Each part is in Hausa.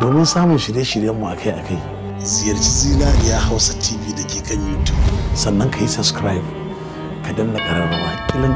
domin samun shirye-shiryenmu akai-akai ziyarci zinariya hausa tv da ke kan youtube sannan ka yi subscribe ka danna ƙararrawa kilin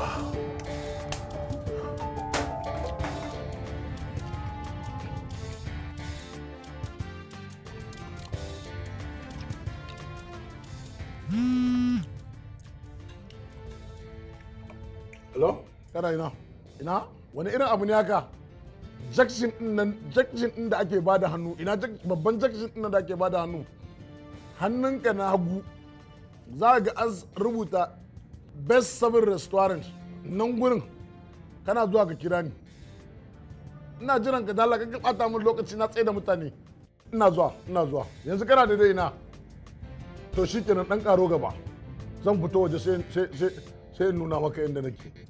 Hello? Kana ina? Ina? Wani irin abu ne haka? Jackson din da ake bada hannu, ina babban Jackson din da ake bada hannu. Hannunka na hagu, za ga an rubuta best seven restaurant nan gurin kana zuwa ka kira ni ina jiran ka dala ka bata min lokaci na tsaye da mutane ina zuwa ina zuwa yanzu kana da daina na to kenan dan karo gaba zan fito waje sai in nuna maka inda nake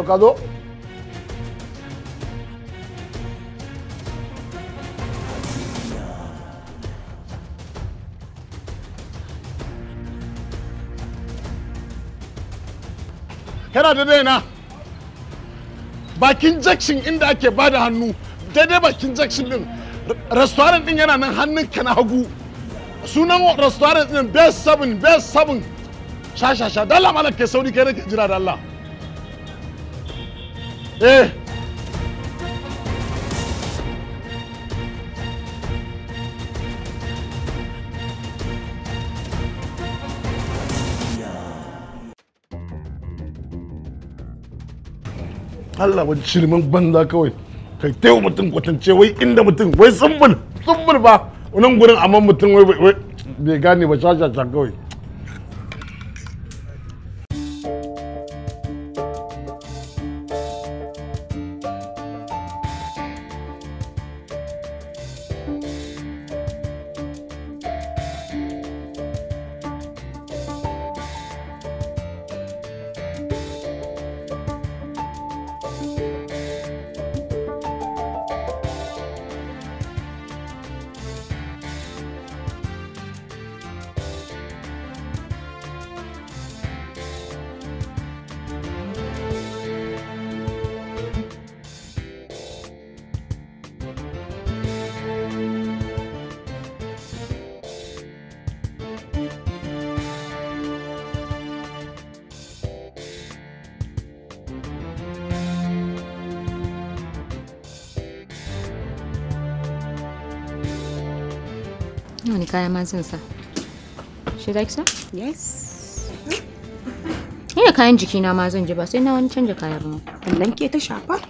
Ado ka zo? Kana da daina bakin jakshin inda ake ba da hannu daidai bakin jakshin din restaurant din yana nan hannun ka na hagu sunan restaurant din best seven best seven sha sha sha dala malam kai sauri kai nake jira da Allah Eh! Allah wani shirman banza kawai kai taiwa mutum kwatance wai inda mutum wai tsumbul tsumbul ba wani gurin amma mutum wai bai gane ba shashashan kawai ni kaya ma zan sa shi yes ina kayan jikina ma zan ji ba sai na wani canja kaya ba wannan ke ta shafa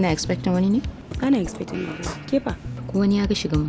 kina expecting wani ne? Ana expecting ba. Ke fa? Ko wani ya ga shiga mu?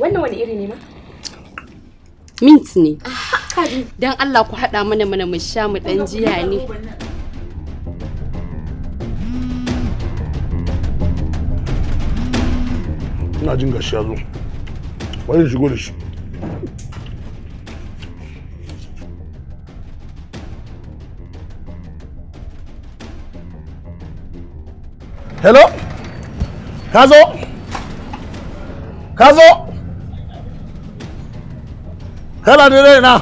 Wannan wani iri ne ma? Mint ne. Dan Allah ku haɗa mana mana mu sha mu ɗan jiya ne. Ina jin gashi ya zo. Wani shigo da shi. Hello? Kazo? Kazo? Kana daidai ina?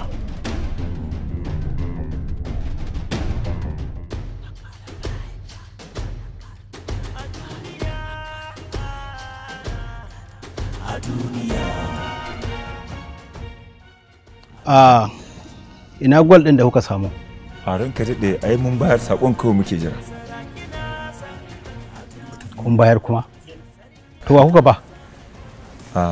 a ina gwal ɗin da kuka samu a ranka daɗe ai mun bayar saƙon kawai muke jira kun bayar kuma to wa kuka ba a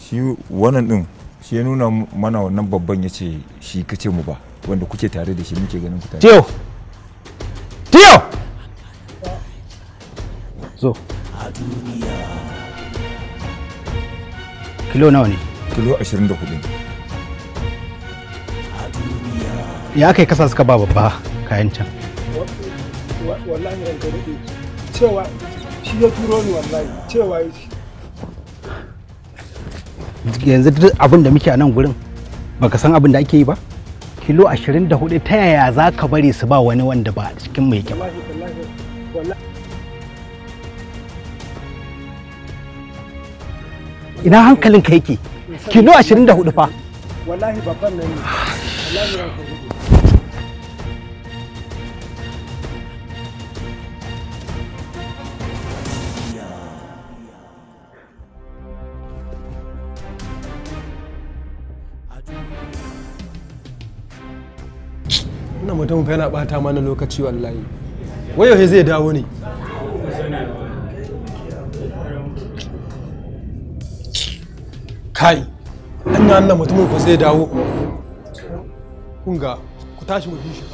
shi wannan din shi ya nuna mana wannan babban ya ce shi kace mu ba wanda kuke tare da shi muke ganin ku tare tiyo tiyo zo kilo nawa ne kilo 24 ya Kai kasa suka ba babba kayan can wallahi cewa shi ya turo ni wallahi cewa yanzu duk abin da muke a nan gurin baka san abin da ake yi ba kilo 24 ta yaya za ka bari su ba wani wanda ba cikin mai kyau? ba ina hankalin ka yake kilo 24 fa wallahi babban nan ne wallahi don yana bata mana lokaci wallahi wai yau zai dawo ne kai an nan mutumin ku zai dawo kunga ku tashi mu bi shi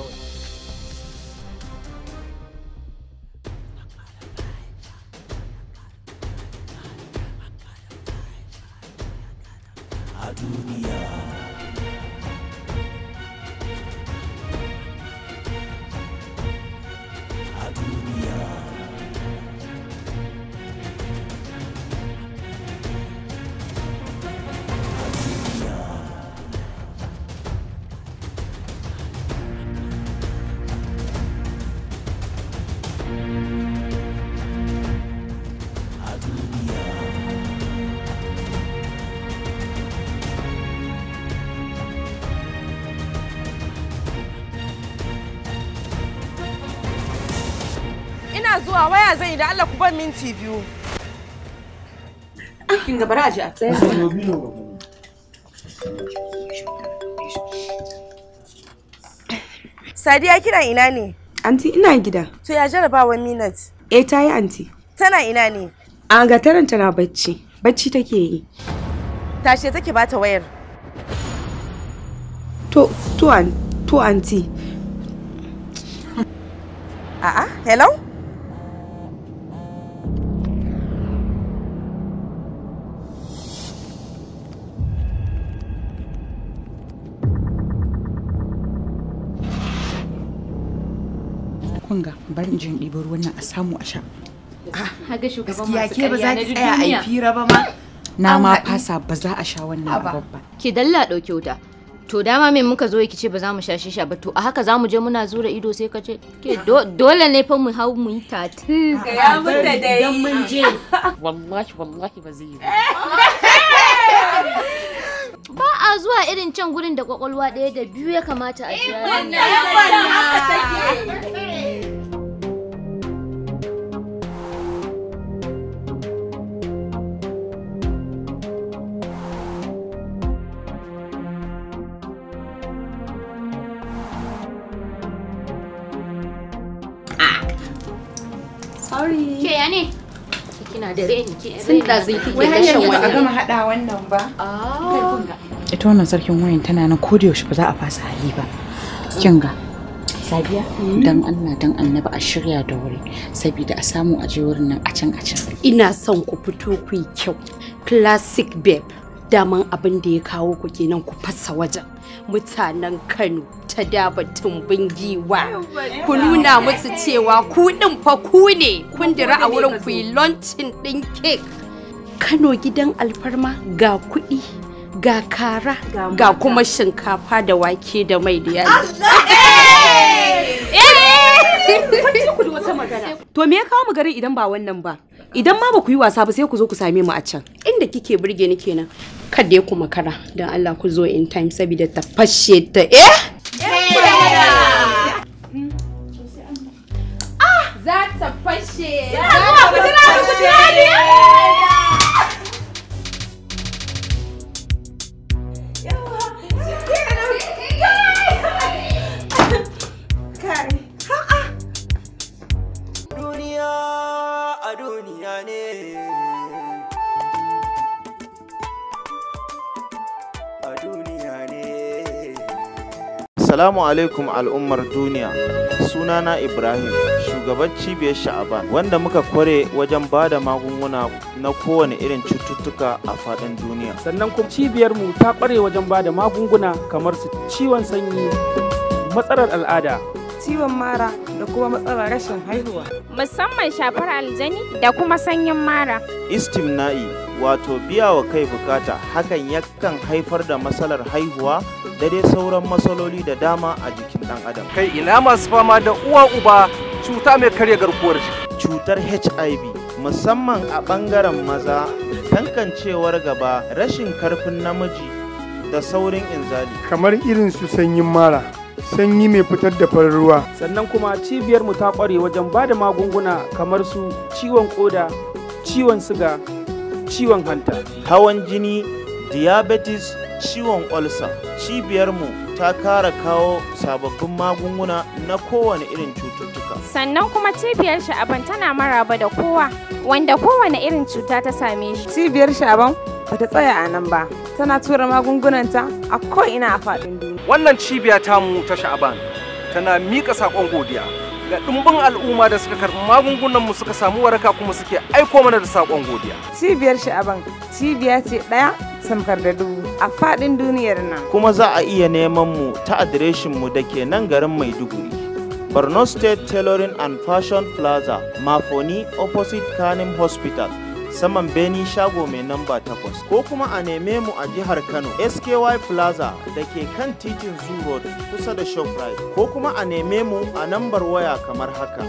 zuwa waya zan yi da Allah ku ban minti biyu. Kin ga baraji a tsaye. Sadiya kiran ina ne? Anti ina gida. To ya jarabawa Minat? Eh ta yi anti. Tana ina ne? A ga taranta na bacci. Bacci take yi. Tashe take bata wayar. To to an to anti. A'a, hello? bari in jin ɗibo ruwan a samu a sha ah, haga shugaban masu ke ba za ki tsaya a yi fira ba ma na ma fasa ba za a sha wannan abin ba Ke dalla ɗauke wuta to dama me muka zo ki ce ba za mu sha shisha ba to a haka za mu je muna zura ido sai ka ce ke dole ne fa mu hau mu yi tatu ya mutu da yi mun je wallahi wallahi ba zai yi ba ba a zuwa irin can gurin da kwakwalwa ɗaya da biyu ya kamata a eh, wannan jira ya ne? Kina da wani. wannan ba. Ah. Ita sarkin wayan tana na ko da yaushe ba za a fasa hali ba. Kin ga Sabiya hmm? dan Allah dan Annabi a shirya da wuri saboda a samu a je wurin nan a can a can. Ina son ku fito ku yi kyau. Classic babe. Daman abin da ya kawo ku kenan ku fasa wajen. mutanen Kano ta dabatun bingiwa. giwa. Ku nuna musu cewa ku din fa ku ne kun dira a wurin ku yi launching ɗin kek. Kano gidan alfarma ga kuɗi ga kara ga kuma shinkafa da wake da mai da yaji. Eh! Eh! To me ya kawo mu garin idan ba wannan ba? idan ma ba ku yi wasa ba sai ku zo ku same mu a can inda kike burge ni kenan kada ku makara don Allah ku zo in time saboda ta fashe ta eh ah! za ta fashe za ta fashe duniya ne a duniya ne Salamu alaikum al'ummar duniya sunana Ibrahim shugaban cibiyar sha'aban wanda muka kware wajen ba da magunguna na kowane irin cututtuka a faɗin duniya sannan kuma cibiyar mu ta kware wajen ba da magunguna kamar su ciwon sanyi matsalar al'ada ciwon mara da kuma matsalar rashin haihuwa. Musamman shafar aljani da kuma sanyin mara. Istimna'i wato biya wa kai bukata hakan yakan haifar da matsalar haihuwa da dai sauran matsaloli da dama a jikin ɗan adam. Kai ina masu fama da uwa uba cuta mai karya garkuwar jiki. Cutar HIV musamman a ɓangaren maza tankancewar gaba rashin karfin namiji da saurin inzali. Kamar irin su sanyin mara. sanyi mai fitar da farin ruwa sannan kuma cibiyar mu ta kware wajen ba da magunguna kamar su ciwon koda ciwon siga ciwon hanta hawan jini diabetes ciwon olsa cibiyar mu ta kara kawo sababbin magunguna na kowane irin cututtuka sannan kuma cibiyar sha'aban tana maraba da kowa wanda kowane irin cuta ta same shi cibiyar sha'aban ba ta tsaya a nan ba tana tura magungunanta a ko'ina a faɗin duniya. Wannan cibiya tamu ta sha'aban tana miƙa saƙon godiya ga ɗumbin al'umma da suka karɓi magungunan mu suka samu waraka kuma suke aiko mana da saƙon godiya. Cibiyar sha'aban cibiya ce ɗaya tamkar da dubu a faɗin duniyar nan. Kuma za a iya neman mu ta adireshin mu da ke nan garin Maiduguri. Borno State Tailoring and Fashion Plaza, Mafoni opposite Kanim Hospital. saman benin shago mai namba takwas ko kuma a neme mu a jihar kano sky plaza da ke kan titin zoo road kusa da shoprite ko kuma a neme mu a nambar waya kamar haka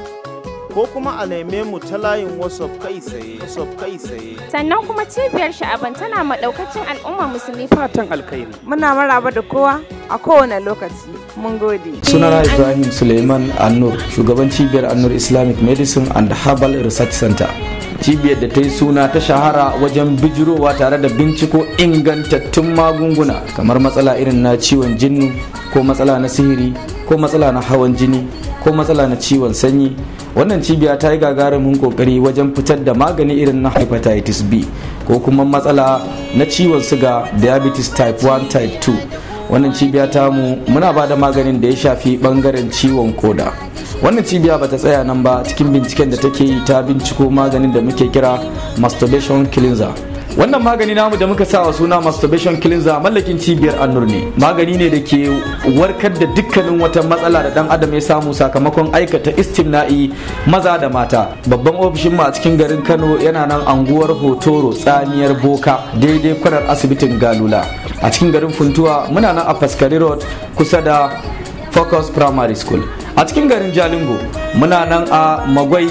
ko kuma a neme mu ta layin WhatsApp kai tsaye. kai tsaye. Sannan kuma cibiyar sha'aban tana maɗaukacin al'umma musulmi fatan alkhairi. Muna maraba da kowa a kowane lokaci. Mun gode. Sunana Ibrahim Suleiman Annur, shugaban cibiyar Annur Islamic Medicine and Herbal Research Center. Cibiyar da ta yi suna ta shahara wajen bijirowa tare da binciko ingantattun magunguna kamar matsala irin na ciwon jinnu ko matsala na sihiri ko matsala na hawan jini ko matsala na ciwon sanyi wannan cibiya ta yi gagarumin kokari wajen fitar da magani irin na hepatitis b ko kuma matsala na ciwon suga diabetes type 1 type 2 wannan cibiya ta mu muna ba da maganin da ya shafi bangaren ciwon koda wannan cibiya bata tsaya nan ba cikin binciken da take yi ta binciko maganin da muke kira masturbation cleanser wannan magani namu da muka sawa suna masturbation cleanser mallakin cibiyar annur ne magani ne da ke warkar da dukkanin wata matsala da dan adam ya samu sakamakon aikata istimna'i maza da mata babban ofishin mu a cikin garin kano yana nan anguwar hotoro tsamiyar boka daidai kwanar asibitin galula a cikin garin funtuwa muna nan a faskari road kusa da focus primary school a cikin garin jalingo muna nan a magwai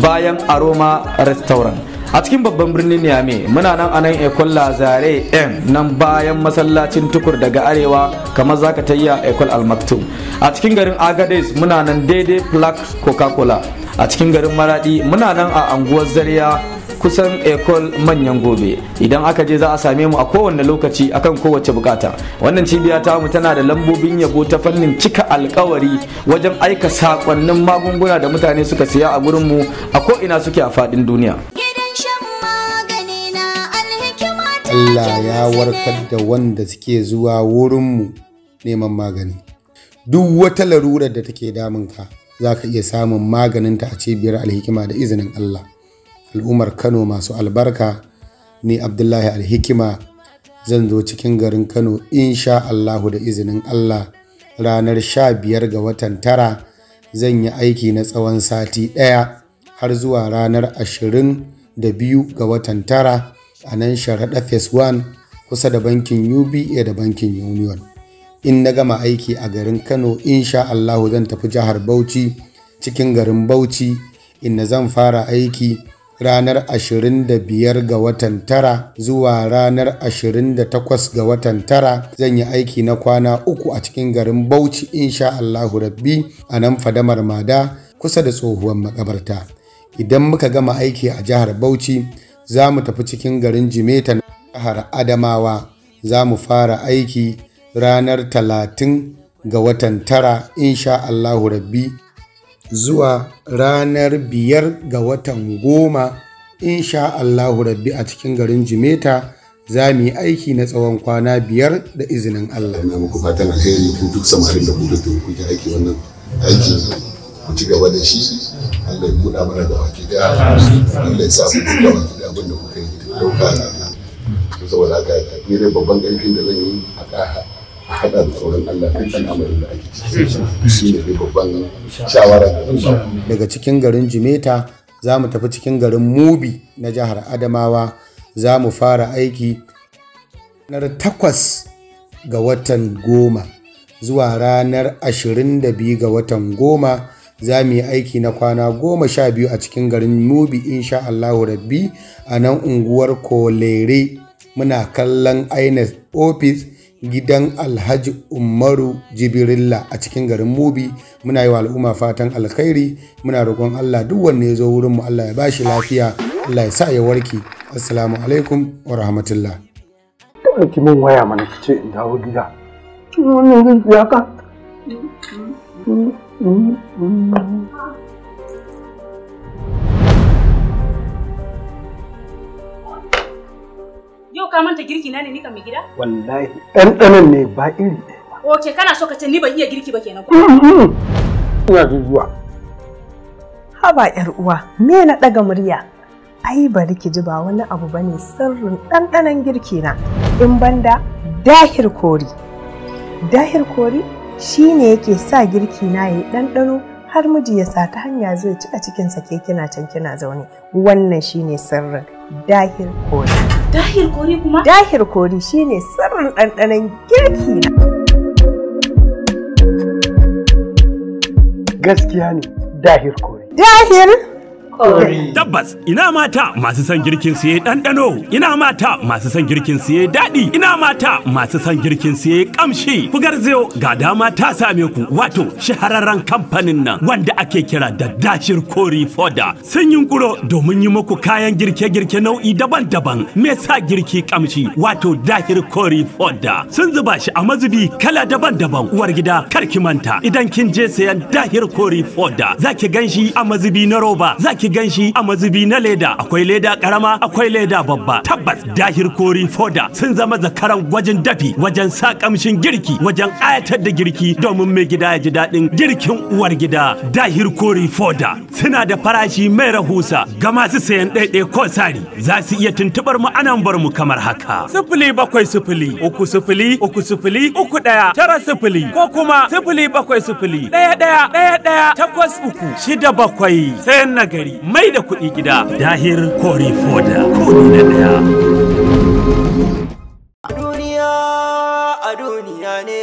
bayan aroma restaurant a cikin babban birnin niamey muna nan a nan ekol lazare m nan bayan masallacin tukur daga arewa kamar zaka tayya ekol almaktum a cikin garin agades muna nan daidai plak coca-cola a cikin garin maradi muna nan a anguwar zariya kusan ekol manyan gobe idan aka je za a same mu a kowane lokaci akan kowace bukata wannan cibiya ta mu tana da lambobin yabo ta fannin cika alkawari wajen aika sakonnin magunguna da mutane suka siya a gurin mu a ko ina suke a fadin duniya Allah ya warkar da wanda suke zuwa wurinmu neman magani. Duk wata larurar da take damunka za ka iya samun maganinta a cibiyar alhikima da izinin Allah. Al'ummar Kano masu albarka ni Abdullahi alhikima zan zo cikin garin Kano insha Allahu da izinin Allah ranar sha biyar ga watan tara zan yi aiki na tsawon sati ɗaya har zuwa ranar ashirin da biyu ga watan tara. a nan sharaɗa phase 1 kusa da bankin uba da bankin union in na gama aiki a garin kano insha allahu zan tafi jihar bauchi cikin garin bauchi inda zan fara aiki ranar 25 ga watan tara zuwa ranar 28 ga watan tara zan yi aiki na kwana uku a cikin garin bauchi insha allahu rabbi a nan fadamar mada kusa da tsohuwar makabarta idan muka gama aiki a jihar bauchi za mu tafi cikin garin jimeta na jihar adamawa za mu fara aiki ranar talatin ga watan tara insha Allahu rabbi zuwa ranar biyar ga watan goma insha Allahu rabbi a cikin garin jimeta za mu yi aiki na tsawon kwana biyar da izinin Allah. Ina muku fatan alheri kun duk samarin da ku kuke aiki wannan aiki ku ci gaba da shi Allah ya buɗa mana da baki daya Allah ya sa ku ci gaba da abin da kuka yi dauka na saboda haka ni dai babban ƙarfin da zan yi a a haɗa da tsoron Allah dukkan amarin da ake ciki shi ne babban shawara daga cikin garin Jimeta za mu tafi cikin garin Mubi na jihar Adamawa za mu fara aiki ranar takwas ga watan goma zuwa ranar ashirin ga watan goma za mu yi aiki na kwana goma sha biyu a cikin garin Mubi, insha allahu rabbi a nan unguwar kolere muna kallon inec ofis gidan alhaji umaru jibirilla a cikin garin mubi muna yi wa al'umma fatan alkhairi muna roƙon allah duk wanne ya zo wurinmu allah ya bashi lafiya allah ya sa ya warke assalamu alaikum wa rahmatullah ɗauki min waya mana ka ce in dawo gida Yau ka manta girki na ne ni kan mai gida? Wallahi ɗanɗanon ne ba iri ɗaya ba. Oke kana so ka ce ni ban iya girki ba kenan ko? Ina zuwa. Haba ƴar uwa, me na ɗaga murya? Ai bari ki ji ba wani abu bane sirrin ɗanɗanon girki na. In banda dahir kori. Dahir kori? shi ne yake sa girki na ya ɗanɗano har miji ya sata hanya zai ci a cikinsa ke kina can kina zaune wannan shi ne sirrin dahir kori dahir kori kuma dahir kori shi ne sirrin ɗanɗanon girki na gaskiya ne dahir kori dahir Tabbas ina mata masu son girkin su ɗanɗano, ina mata masu son girkin su daɗi, ina mata masu son girkin su ƙamshi. Ku garzayo ga dama ta same ku wato shahararren kamfanin nan wanda ake kira da dashir kori foda. Sun yi yunkuro domin yi muku kayan girke-girke nau'i daban-daban me sa girki ƙamshi wato dashir kori foda. Sun zuba shi a mazubi kala daban-daban uwar gida kar ki manta idan kin je sayan dahir kori foda zaki gan shi a mazubi na roba za zaki ganshi a mazubi na leda akwai leda karama akwai leda babba tabbas dahir kori foda sun zama zakaran gwajin dafi wajen sa kamshin girki wajen ayatar da girki domin mai gida ya ji daɗin girkin uwar gida dahir kori foda suna da farashi mai rahusa ga masu sayan ɗaiɗai ko sari za su iya tuntuɓar mu anan bar mu kamar haka sifili bakwai sifili uku sifili uku sifili uku ɗaya tara sifili ko kuma sifili bakwai sifili ɗaya ɗaya ɗaya ɗaya takwas uku shida bakwai sayan nagari kuɗi mai da kuɗi gida dahir kori foda kuɗi na ɗaya. Duniya a duniya ne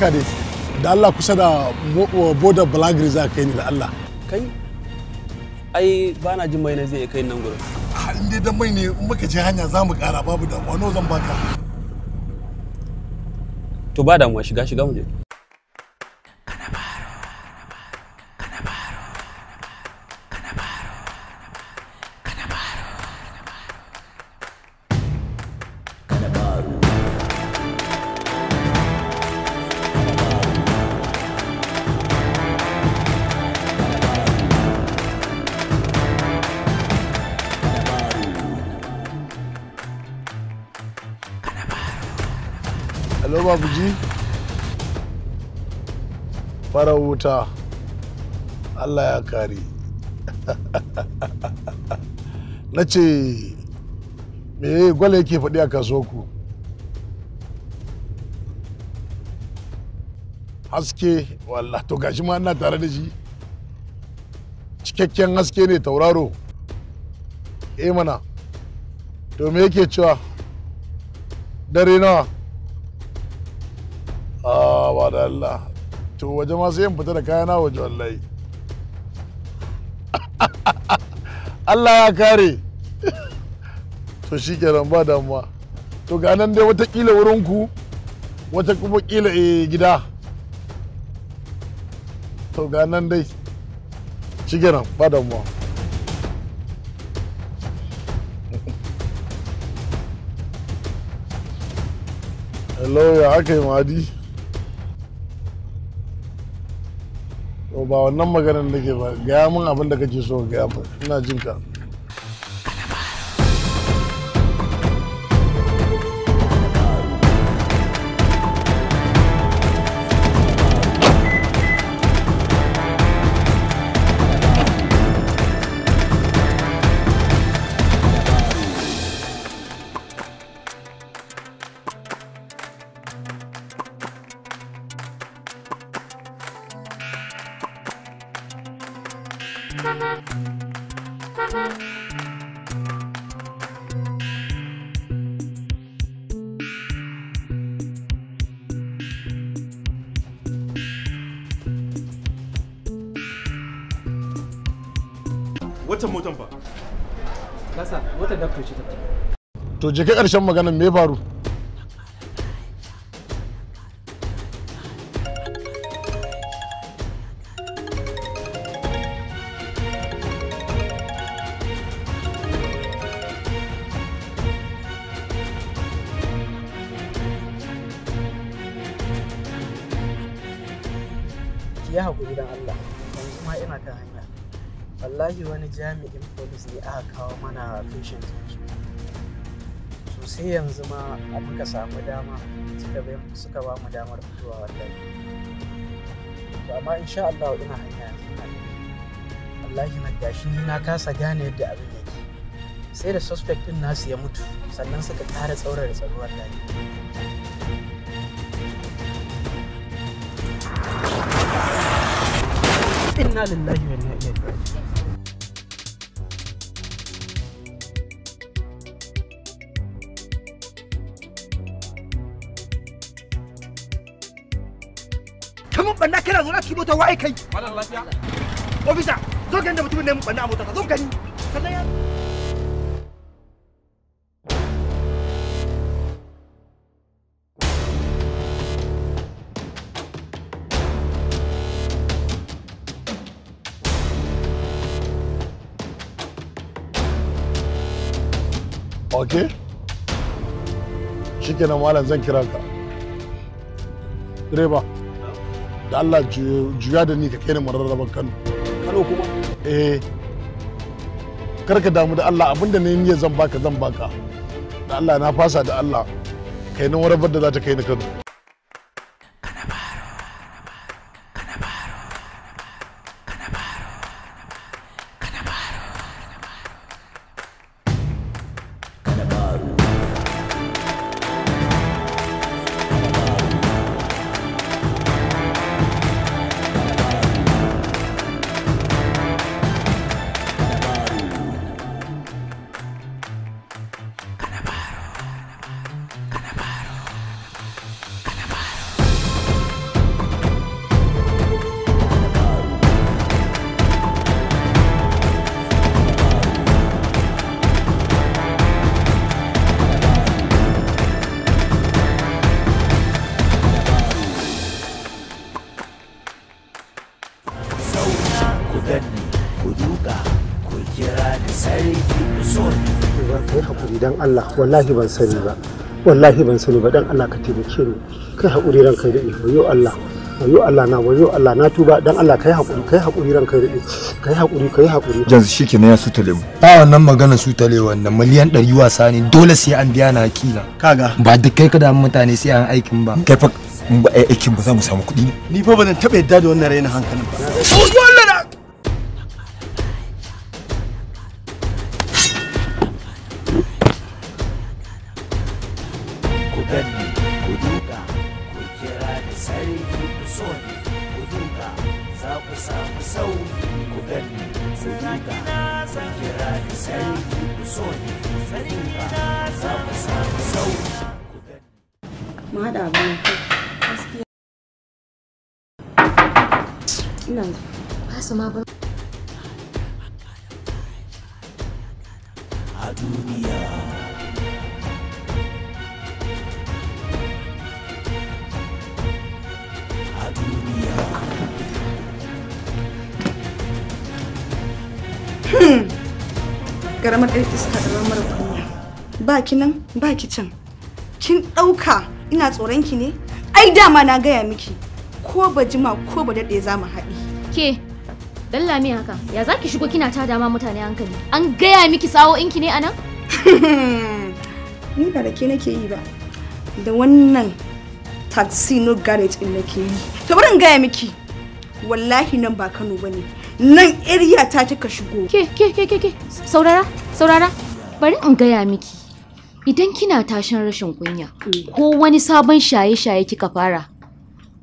haka dai da Allah kusa da border balagri za kai ni da Allah kai ai ba na jin mai na zai kai nan gurin a ah, inda dan mai ne muka je hanya za mu kara babu da wano zan baka to ba damuwa shiga shiga mu je kyauta allah ya kare na ce me gwale yake faɗi a kasuwarku haske wallah to gashi ma ina tare da shi cikakken haske ne tauraro eh mana to me yake cewa dare nawa a ah, ba allah to waje ma sai in fita da kayana waje wallahi Allah ya kare to shi kenan ba damuwa to ga nan dai watakila wurinku wata kuma kila eh, gida to ga nan dai shi kenan ba damuwa hello ya aka yi madi ba wannan maganar nake ba gaya mun abin da kake so gaya mun ina jin ka wancan motan fa kasa motar da ta to je ka karshen maganar me faru jami'in polis ne aka kawo mana patient su sosai yanzu ma a muka samu dama suka ba mu damar fitowa wallahi to amma insha Allah ina hanya yanzu wallahi na gashi ni na kasa gane yadda abin yake sai da suspect din nasu ya mutu sannan suka kara tsaurara tsaro wallahi inna lillahi wa inna ilaihi banna kana zo na cikin mota waye kai malam lafiya officer zo ga inda mutumin nan banna a mota ka zo gani sannan ya Okay. Shikenan malam zan kira ka. Direba. da Allah juya da ni ka kai ni rarraba Kano Kano kuma eh karka damu da Allah abinda ne ni zan baka zan baka da Allah na fasa da Allah kai ni warabar da za ta kai ni Kano Allah wallahi ban sani ba wallahi ban sani ba dan Allah ka taimake ni kai hakuri ranka da ido yo Allah wayo Allah na wayo Allah na tuba dan Allah kai hakuri kai hakuri ranka da ido kai hakuri kai haƙuri yanzu shikenan ya sutale mu ba wannan magana sutale wannan miliyan 100 wasa ne dole sai an biya na hakila kaga ba duk kai ka da mutane sai an aikin ba kai fa in ba eh, aikin ba za mu samu kuɗi ni fa ba zan taɓa yadda da wannan raina hankalin ba baki nan baki can kin ɗauka ina tsoron ki ne ai dama na gaya miki ko ba jima ko ba daɗe za mu haɗi ke dalla lami haka ya zaki shigo kina ta dama mutane hankali an gaya miki sawo'inki ne anan ni ba da ke nake yi ba da wannan taxi no garage in nake yi to bari in gaya miki wallahi nan ba Kano bane nan area ta kika shigo ke ke ke ke saurara saurara bari in gaya miki idan kina tashin rashin kunya mm. ko wani sabon shaye-shaye kika fara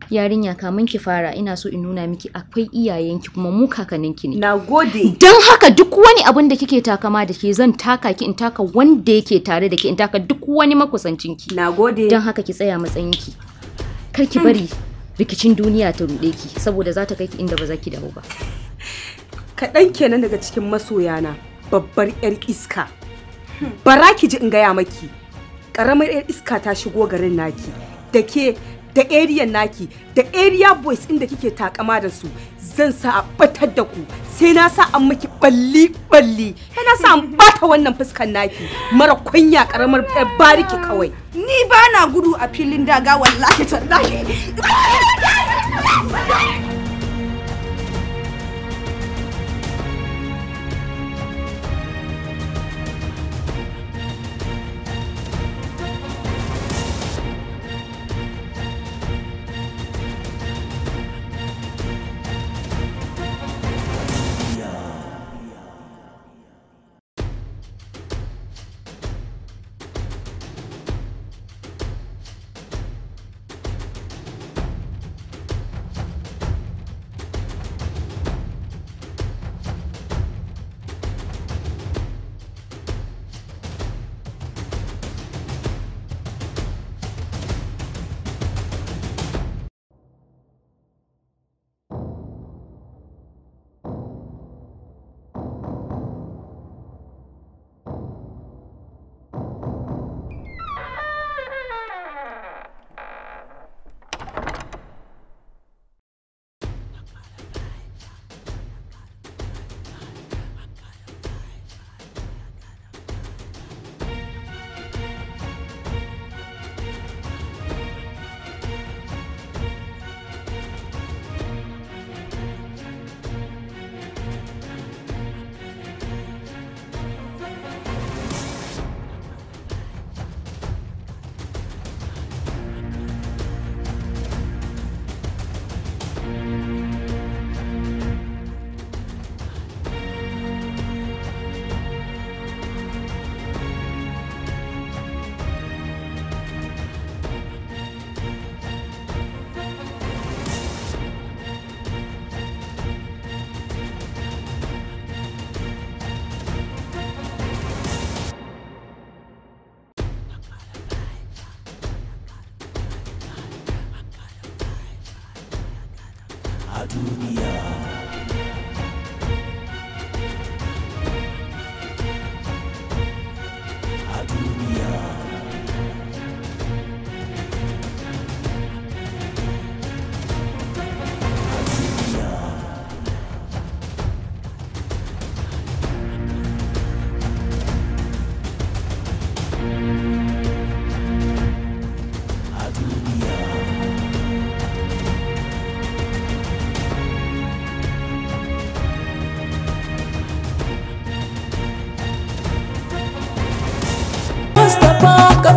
yarinya kamun ki fara ina so in nuna miki akwai iyayenki kuma mu kakanninki ne nagode don haka duk wani abin da kike takama da ke zan taka ki in taka wanda yake tare da ke in taka duk wani makusancinki nagode don haka ki tsaya matsayinki kar ki bari rikicin duniya ta ruɗe ki saboda za ta kai ki inda ba za ki dawo ba kaɗan kenan daga cikin masoyana babbar 'yar iska bara ki ji in gaya maki karamar yar iska ta shigo garin naki da ke da area naki da area boys inda kike takama da su zan sa a batar da ku sai na sa an miki balli balli sai na sa an bata wannan fuskan naki mara kunya karamar bariki kawai ni ba na gudu a filin daga wallahi tallahi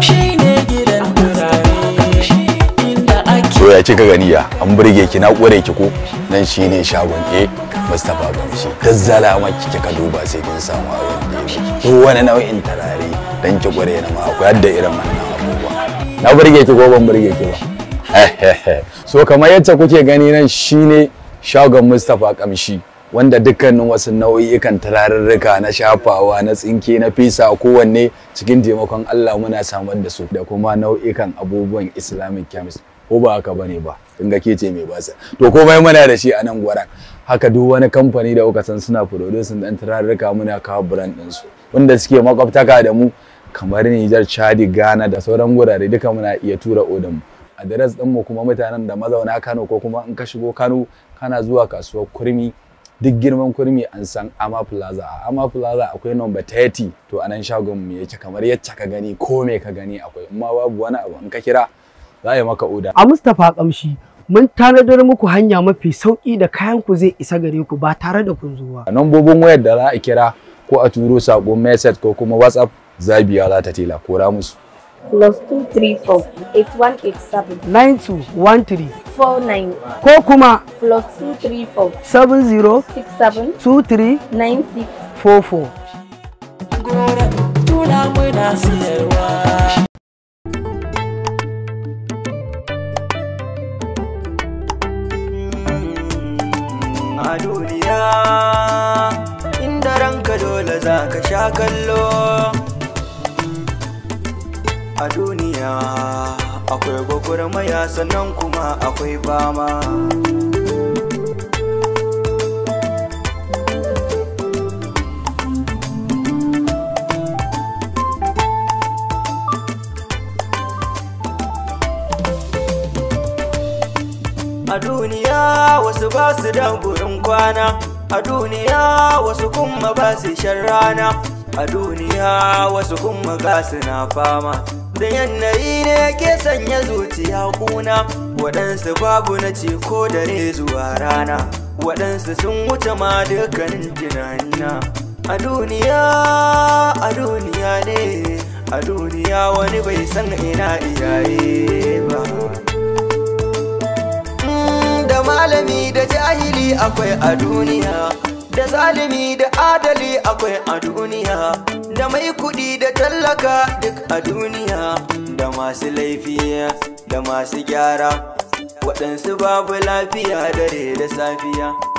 to ya kika gani ya an burge ki na kware ki ko nan shi ne shagon A eh, Mustapha Gamshi dazzala ma kike ka duba sai kin samu a abin da maki. ko wani nau'in tarare dan ki kware na ma akwai hadda irin wannan abubuwa na burge ki ko ban burge ki ba so kamar yadda kuke gani nan shi ne shagon Mustapha Kamshi wanda dukkanin wasu nau'ikan turarurruka na shafawa na tsinke na fisa kowanne cikin taimakon Allah muna samar da su da kuma nau'ikan abubuwan islamic chemist ko ba haka bane ba in ga ce mai basa to komai muna da shi a nan gwaran haka duk wani kamfani da kuka san suna producing ɗan turarurruka muna kawo brand din su wanda suke makwabtaka da mu kamar Niger Chad, Ghana da sauran gurare duka muna iya tura odan mu adres din mu kuma mutanen da mazauna Kano ko kuma in ka shigo Kano kana zuwa kasuwar Kurmi duk girman kurmi an san ama plaza a ama plaza akwai number 30 to a nan shagon mu yake kamar yacce ka gani ko me ka gani akwai amma babu wani abu in ka kira za a maka oda a mustapha kamshi mun tanadar muku hanya mafi sauki da kayan ku zai isa gare ku ba tare da kun zuwa nambobin wayar da za a kira ko a turo sako message ko kuma whatsapp zabiya za ta tela kora musu plus one three. four nine. ko kuma plus zero. six seven. two three. nine six. four four. a duniya inda ranka dole za ka sha kallo a duniya akwai gwagwarmaya sannan kuma akwai fama. a duniya wasu ba su da gurin kwana a duniya wasu kuma ba su shan rana a duniya wasu kuma ga na fama da yanayi ne ke sanya zuciya kuna waɗansu babu na ce ko dare zuwa rana waɗansu sun wuce ma dukkanin tunanina a duniya a duniya ne a duniya wani bai san ina iyaye ba mm, da malami da jahili akwai a duniya da zalimi da adali akwai a duniya da mai kuɗi da tallaka duk a duniya da masu laifiya da masu gyara waɗansu babu lafiya dare da safiya